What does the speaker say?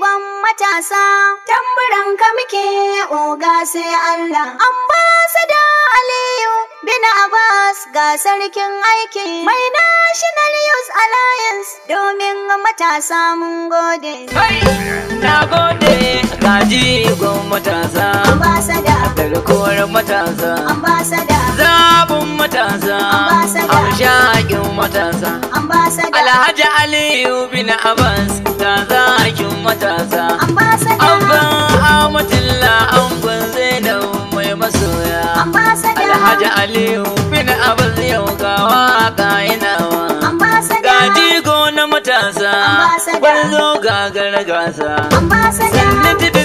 ban matasa tamburan ka muke oga sai Allah ambasada Aliyu bin Abbas ga sarkin aiki mai National Youth Alliance domin matasa mun gode na gode gaji gon matasa ambasada garkuwar matasa ambasada zabun matasa ambasada harshen matasa ambasada Alhaji Aliyu bin Abbas Alhaji Aliyu fina Abbas yau ga waka yana wa. Ga jigo na matasa, gwarzo ga gargasa. Sannan